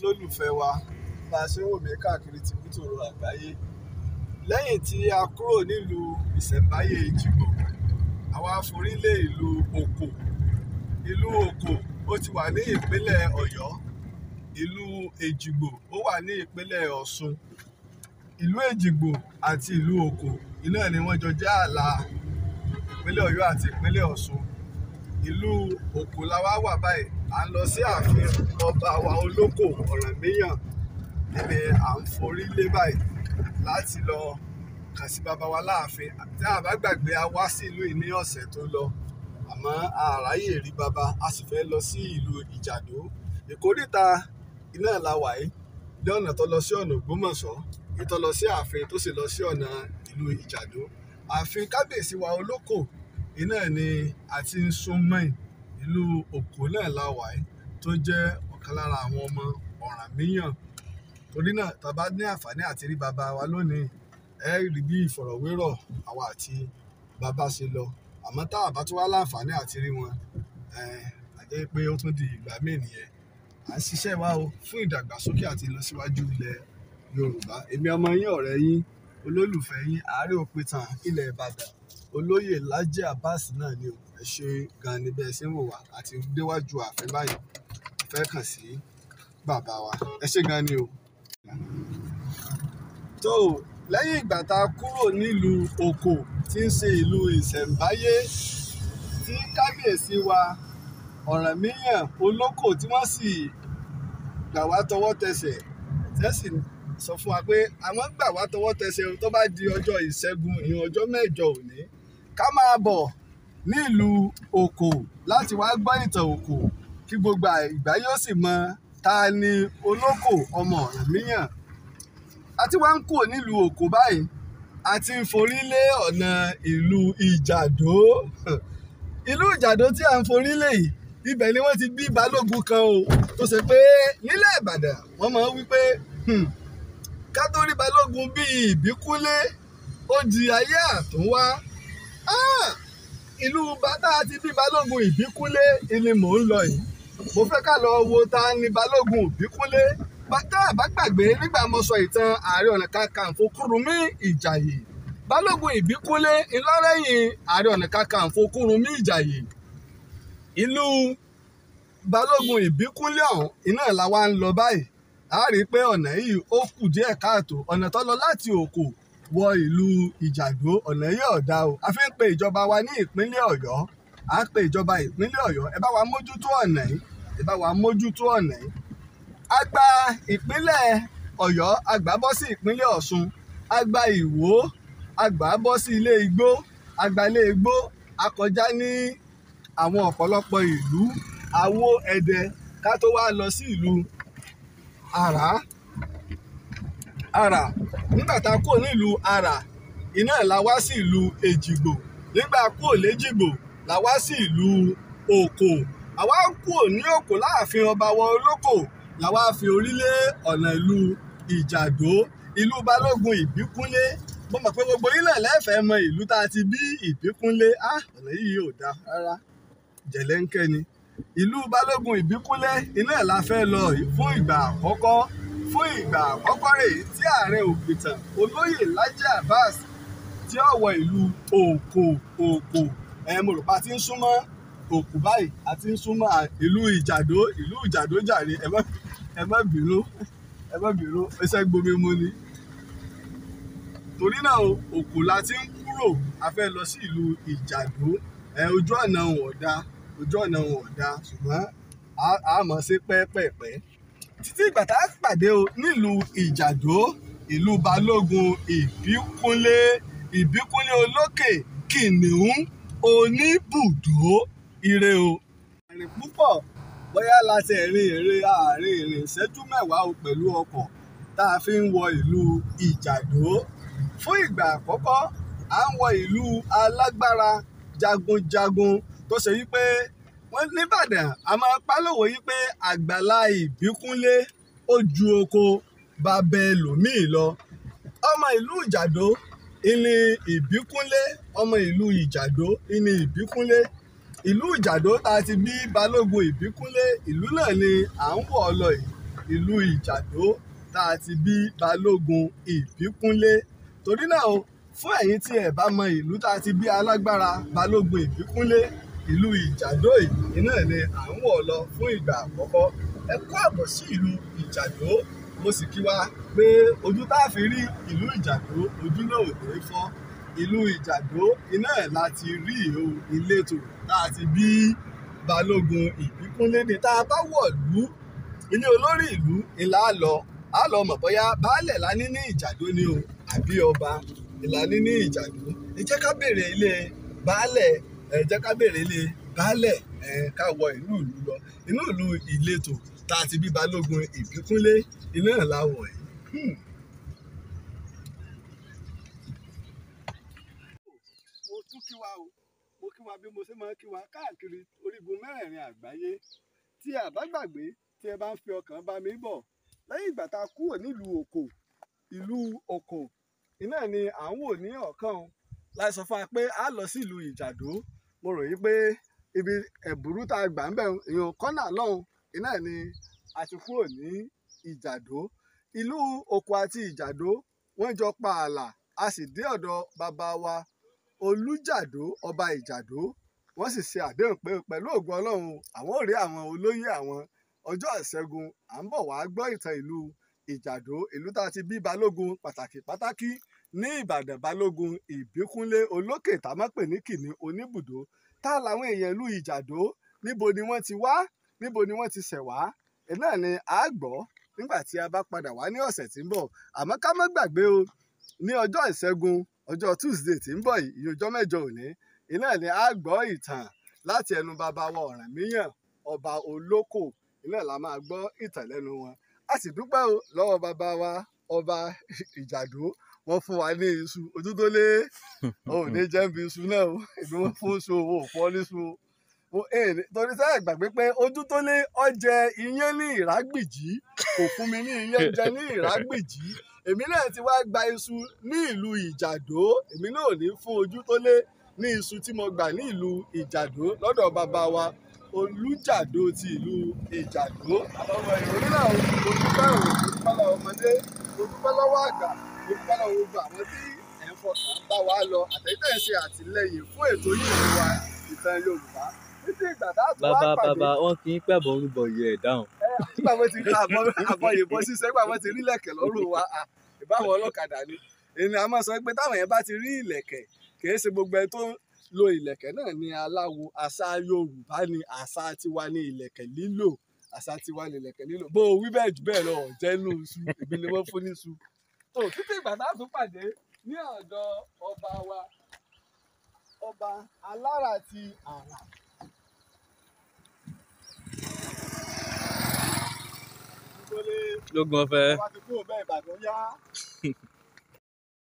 olólùfẹ́ wa bá a ṣe ń wò mí káàkiri tìbútòrò àgbáyé lẹ́yìn tí a kúrò nílùú ìṣẹ̀ǹbáyé Ìjìgbò àwa forílẹ̀ ìlú Òkò ìlú Òkò ó ti wà ní ìpínlẹ̀ Ọ̀yọ́ ìlú Èjìgbò ó wà ní ìpínlẹ̀ Ọ̀ṣun ìlú Èjìgbò àti ìlú Òkò iná ni wọ́n jọ jẹ́ ààlà ìpínlẹ̀ Ọ̀yọ́ àti ìpínlẹ̀ Ọ̀ṣun ìlú Òkò la wá wà báyìí à ń lọ sí ààfin ọba wa olóko ọ̀rànmíyàn níbi à ń forí lé báyìí láti lọ kàn sí bàbá wa láàfin tí a bá gbàgbé a wá sí ìlú yìí ní ọ̀sẹ̀ tó lọ àmọ́ àráyè rí bàbá a sì fẹ́ lọ sí ìlú ìjàdó ìkórìta iná la wà yìí ní ọ̀nà tó lọ sí ọ̀nà ògbómọ̀ṣọ́ ní tó lọ sí ààfin tó sì lọ sí ọ̀nà ìlú ìjàdó ààfin kábíyèsí wa olóko iná ni àti ń sún ìlú Òkó náà la wà yìí tó jẹ́ ọ̀kan lára àwọn ọmọ Ọ̀rànmíyàn torí náà tá a bá ní àǹfààní àti rí bàbá wa lónìí ẹ rí bí ìfọ̀rọ̀wérọ̀ àwa àti bàbá ṣe lọ àmọ́ tá a bá tún wá láǹfààní àti rí wọn àjẹ́ pé ó tún di ìgbà míì à ń ṣiṣẹ́ wa o fún ìdàgbàsókè àti ìlọsíwájú ilẹ̀ Yorùbá èmi ọmọ yín ọ̀rẹ́ yín olólùfẹ́ yín ààrẹ òpìtàn ilẹ̀ Ìbàdàn olóyè Lájí Abbas náà ni o ẹ ṣe gan ni bẹ́ẹ̀ ṣe ń wò wá àti déwájú ààfin báyìí fẹ́ kàn sí bàbá wa ẹ ṣe gan ni o. tó lẹ́yìn ìgbà tá a kúrò nílùú Oko tí ń ṣe ìlú ìṣẹ̀ǹbáyé tí kábíyèsí wa Ọ̀rànmíyàn olóko tí wọ́n sì gbà wá tọwọ́ tẹsẹ̀ tẹ́sì sọ fún wa pé àwọn gbà wá tọwọ́ tẹsẹ̀ tó bá di ọjọ́ ìṣẹ́gun ìyẹn ọjọ́ mẹ́jọ òní ká máa bọ̀ nílùú Oko láti wá gbọ́ ìtàn Oko kí gbogbo ìgbà yóò sì mọ ta ni Olóko ọmọ Ọ̀rànmíyàn a ti wá ń kúrò nílùú Oko báyìí a ti ń forí lé ọ̀nà ìlú Ìjàdó ìlú Ìjàdó tí a ń forí lé yìí ibẹ̀ ni wọ́n ti bí balógun kan o tó ṣe pé nílẹ̀ Ìbàdàn wọ́n máa ń wí pé hmm, ká balógun bíi Ìbíkúlé ó di ayé àtúnwá. Ah! ìlú bàtà ti bí balógun ìbíkúnlé ni mò ń lọ yìí mo fẹ́ ká lọ wo ta ni balógun ìbíkúnlé bàtà bá gbàgbé nígbà mo sọ ìtàn ààrẹ ọ̀nà kakanfò kúrúmí ìjàyè balógun ìbíkúnlé ńlọrẹ́yìn ààrẹ ọ̀nà kakanfò kúrúmí ìjàyè ìlú balógun ìbíkúnlé ọ̀hún iná làwa ń lọ báyìí a rí i pé ọ̀nà yìí ó kù díẹ̀ káàtó ọ̀nà tó lọ láti òkò wọ ìlú ìjàgbó ọ̀nà yìí ọ̀dà o a fi ń pe ìjọba wa ní ìpínlẹ̀ ọ̀yọ́ à pe ìjọba ìpínlẹ̀ ọ̀yọ́ ẹ bá wa mójútó ọ̀nà yìí ẹ bá wa mójútó ọ̀nà yìí a gba ìpínlẹ̀ ọ̀yọ́ a gbà bọ́ sí ìpínlẹ̀ ọ̀ṣun a gba ìwó a gbà bọ́ sí ilé igbó a gba ilé igbó a kọjá ní àwọn ọ̀pọ̀lọpọ̀ ìlú àwo ẹ̀dẹ ká tó wá lọ sí ìlú àrá ara, nígbà tá a kúrò nílùú àrà iná ẹ̀ la wá sí ìlú èjìgbò nígbà kúrò léjìgbò la wá sí ìlú òkò àwa kúrò ní òkò láàfin ọba wọn olóko làwa fi orílẹ̀ ọ̀nà ìlú ìjàdó ìlú balógun ìbíkúnlé mo mọ̀ pé gbogbo ilẹ̀ lẹ́fẹ̀ẹ́ mọ ìlú tá a ti bí ìbíkúnlé á ọ̀nà yìí ò dáa rárá jẹ̀lẹ́ńkẹ́ ni ìlú balógun ìbíkúnlé iná ẹ̀ la fẹ́ lọ fún ìgbà àkọ́kọ́ fún ìgbà àkọ́kọ́ rèé tí ààrẹ òpìtàn olóyè Laji Abbas tí ó ìlú òkò òkò ẹ̀mọ̀rọ̀pá ti ń súnmọ́ òkú báyìí àti ń súnmọ́ ìlú ìjàdó ìlú ìjàdó jàre ẹ má bínú ẹ má gbomi mu ni torí náà òkú la ti ń kúrò a fẹ́ lọ sí ìlú ìjàdó ojú ọ̀nà ọ̀dà ojú ọ̀nà ọ̀dà ṣùgbọ́n a mọ̀ sí pẹ́ẹ́pẹ́ẹ́pẹ́ títí ìgbà tá a pàdé o nílùú ìjàdó ìlú balógun ìbíkúnlé ìbíkúnlé olókè kìnìún oníbùdó ire o. àrìn púpọ̀ bóyá láti ẹ̀rìn èrè àárín ìrìn ìṣẹ́jú mẹ́wàá o pẹ̀lú ọkọ̀ tá a fi ń wọ ìlú ìjàdó. fún ìgbà àkọ́kọ́ à ń wọ ìlú alágbára jagunjagun tó ṣe wípé wọ́n nìbàdàn a máa pálọ̀wọ̀ yìí pé àgbàlá ìbíkúnlé ó ju oko bàbá ẹlòmíì lọ ọmọ ìlú ìjàdó ìní ìbíkúnlé ọmọ ìlú ìjàdó ìní ìbíkúnlé ìlú ìjàdó ta ti bí balógun ìbíkúnlé ìlú náà ni à ń wọ̀ lọ ìlú ìjàdó ta ti bí balógun ìbíkúnlé torí náà fún ẹ̀yin tí ẹ̀ bá mọ ìlú ta ti bí alágbára balógun ìbíkúnlé ìlú ìjàdó yìí náà ni à ń wọ̀ lọ fún ìgbà àkọ́kọ́ ẹ kú àbọ̀ sí ìlú ìjàdó mo sì kí wa pé ojú tá a fi rí ìlú ìjàdó ojú náà ò ní fọ́ ìlú ìjàdó iná ẹ̀ láti rí ìhò ìletò tá a ti bí balógun ìbíkúnlédè tá a bá wọ̀ lú ilé olórí ìlú ìlà lọ á lọ mọ̀ bóyá baálẹ̀ lání ní ìjàdó ni o àbí ọba ìlàní ní ìjàdó ẹ jẹ́ ká ilé baálẹ̀ ẹ jẹ́ ká bèrè lé baálẹ̀ ẹ ká wọ inú ìlú lọ inú ìlú ìletò tá a ti bí balógun ìbíkúnlé iná làwọ̀ ẹ̀. Hmm. mo tún kí wa o mo kí wa bí mo ṣe máa kí wa káàkiri orígun mẹ́rẹ̀ẹ̀rin àgbáyé tí a bá gbàgbé tí ẹ bá ń fi ọkàn bá mi bọ̀ lẹ́yìn ìgbà tá a kúrò nílùú òkò ìlú òkò iná ni à ń wò ní ọ̀kan láì sọ fún wa pé a lọ sí ìlú ìjàdó mo rò yí pé ibi ẹ̀bùrú tá a gbà ń bẹ̀ èèyàn kọ́nà lọ́hùn iná ni a ti kúrò ní ìjàdó ìlú òkú àti ìjàdó wọ́n jọ pa ààlà a sì dé ọ̀dọ̀ bàbá wa olújàdó ọba ìjàdó wọ́n sì ṣe àdéhùn pé pẹ̀lú ògùn ọlọ́run àwọn ò rí àwọn olóyè àwọn ọjọ́ ìṣẹ́gun à ń bọ̀ wá gbọ́ ìtàn ìlú ìjàdó ìlú tá a ti bí balógun pàtàkì pàtàkì ní ìbàdàn balógun ìbíkúnlé olókè támápè ní kìnní oníbùdó tá làwọn èèyàn ìlú ìjàdó níbo ni wọ́n ti wá níbo ni wọ́n ti ṣẹ̀ wá ẹ̀ ni a gbọ́ nígbà tí a bá padà wá ní ọ̀sẹ̀ tí ń bọ̀ àmọ́ ká má gbàgbé o ní ọjọ́ ìṣẹ́gun ọjọ́ tuesday tí ń bọ̀ yìí ọjọ́ mẹ́jọ òní iná ni a gbọ́ ìtàn láti ẹnu bàbá wa Ọ̀rànmíyàn ọba olóko iná la máa gbọ́ ìtàn lẹ́nu wọn a sì dúpẹ́ o lọ́wọ́ bàbá wa ọba ìjàdó wọ́n fún wa ní iṣu ojú tó lé òun ní jẹ́ bí iṣu náà o èmi wọ́n fún iṣu owó pọ́ níṣu o torí sáà gbàgbé pé ojú tó lé ọjẹ iyán ní ìrágbìjì kò fún mi ní iyán jẹ ní ìrágbìjì èmi náà ti wá gba iṣu ní ìlú ìjàdó èmi náà ò ní fún ojú tó lé ní iṣu tí mo gbà ní ìlú ìjàdó lọ́dọ̀ bàbá wa olùjàdó ti ìlú ìjàdó àwọn ìròyìn náà ojú bá òòlù pálá ọmọdé ojú pálá wà àgbà dúpẹ́ lọ́wọ́ gbogbo àwọn tí ẹ̀ ń fọkàn bá wa lọ àtẹ̀tẹ̀ ń ṣe àtìlẹyìn fún ètò yìí wa ìtàn Yorùbá títí ìgbà dáàtú wá pàdé. bàbá bàbá wọn kì í pẹ̀bọ̀ ń bọ̀ yẹ ẹ̀ dáhùn. nígbà wọn ti rí àbọ̀ ìbọn ṣiṣẹ́ nígbà wọn ti rí lẹ̀kẹ̀ lọ́rùn wa ìbáwọn ọlọ́kadà ni èmi àmọ́ sọ pé táwọn yẹn bá ti rí ìlẹ̀kẹ̀ kìí ṣe gbogbo ẹni tó lo ìlẹ̀kẹ̀ náà ní aláwo àṣà Yorùbá ni àṣà tiwa ní ìlẹ̀kẹ̀ lílò àṣà tiwa ní ìlẹ̀kẹ̀ lílò bó o jù bẹ́ẹ̀ lọ jẹ́nu iṣu ìbílẹ̀ wọn fún níṣu tó títí ìgbà tá tún pàdé ní ọ̀dọ̀ ọba wa ọba alára ti àrà. lógun ọ̀fẹ́. ọba ti kúrò bẹ́ẹ̀ ìbàdàn yá.